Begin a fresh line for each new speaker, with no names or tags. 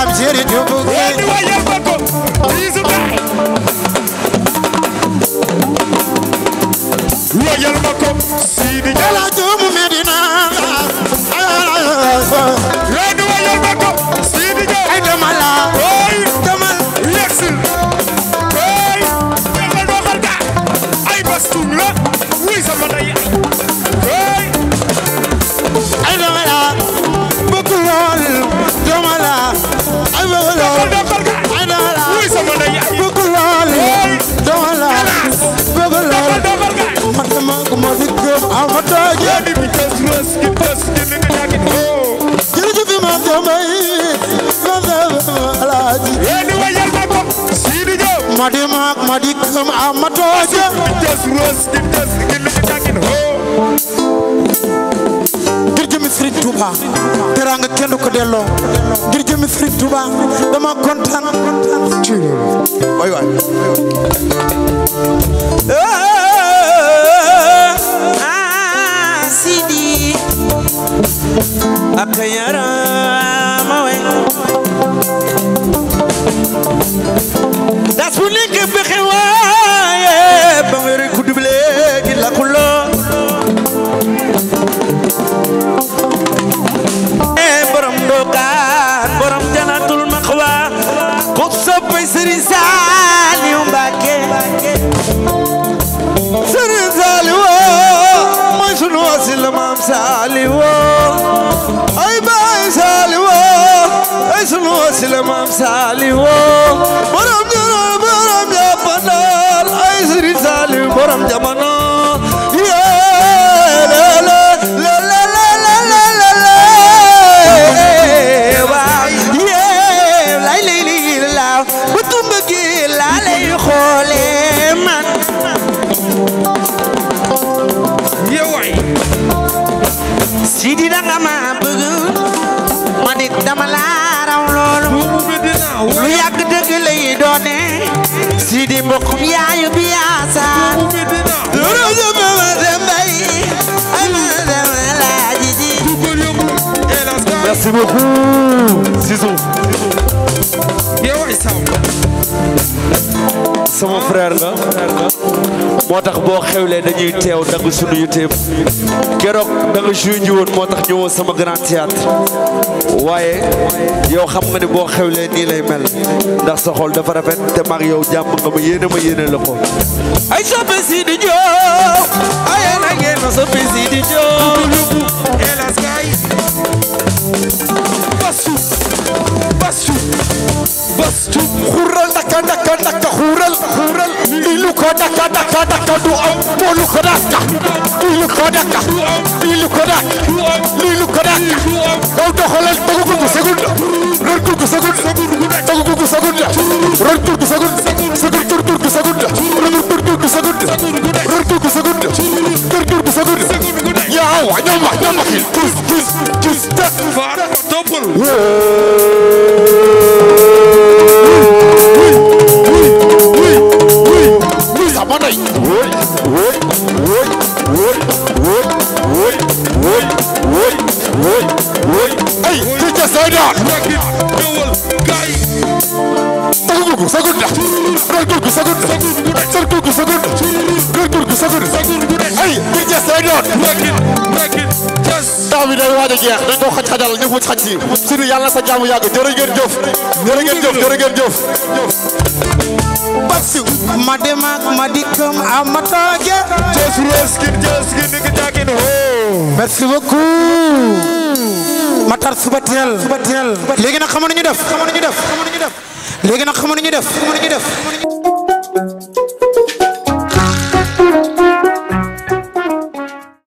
maam jëriñ ñu bugg woyal ma ko Sidi Dia la doomu Medina léegi woyal ma ko Sidi Dia ay dama la ooy dama yegsil ooy dama doxal ay bastum alaaji reeni wayal ma ko siidi joob ma di maak ma di kam am ma tooje gim jos roos gim jos gim mi tangin hoo ngir jëmi Sëriñ Tuuba teraanga kenn du ko delloo ngir jëmi Sëriñ Tuuba dama kontaan ci loolu waay waay Sidi ak yaram das bu nekk fexe waaye ba mu yore ku duble gi la ku loo ee borom dookaan borom janatul maxwa ku soppay sëriñ Saaliw Mbàkke sëriñ Saaliw mooy sunu wasila maam Saaliw sila maam Saliou borom jamono borom jamono ay Sëriñ Saliou borom jamono Sidi da nga ma dëgg lay doone si di mbokkum yaayu bi yaasaan ma ma dembay ay ma dem laaji ji merci beaucoup Zizou yow ay moo tax boo xewlee dañuy teew dagg suñu yiteem keroog da nga joué ñu woon moo tax ñëwoo sama grand théâtre waaye yow xam nga ne boo xewlee nii lay mel ndax sa xol dafa rafet te mag yow jàmm nga ma yéene ma yéene la ko ay soppe si di joo ay na ngeen ma soppe si di joo ko dakka dakka xuural xuural i lu ko dakka dakka dakka du am moo lu ko dakka i lu ko dakka i lu ko dakka i lu ko dakka kaw doxalal togu gugu segunda ror gugu segunda togu gugu segunda ror gugu segunda segunda tur tur segunda ror tur tur segunda ror gugu segunda tur tur segunda yaa wa ñoom wax ñoom wax il tus tus tus ta faara toppal wóoy wóoy wóoy wóoy ay turgu sagunda rar turgu sagunda sar turgu sagunda rar turgu sagunda ay bir jees rek doon temps bi day waaj a jeex dañ koo xaj xajal ñu fuj xaj si sunu yàlla sa jaamu yàgg jërë ngeen jëf jërë ngeen jëf jërë ngeen jëf basu ma dem ak ma dikkam amataaje jees rees ki jees ki ni ki jaakin hoo merci beaucoup Matar suba teel léegi nag xamoon nañu def xamoon nañu def léegi nag xamu nu ñu def xamu nu ñu def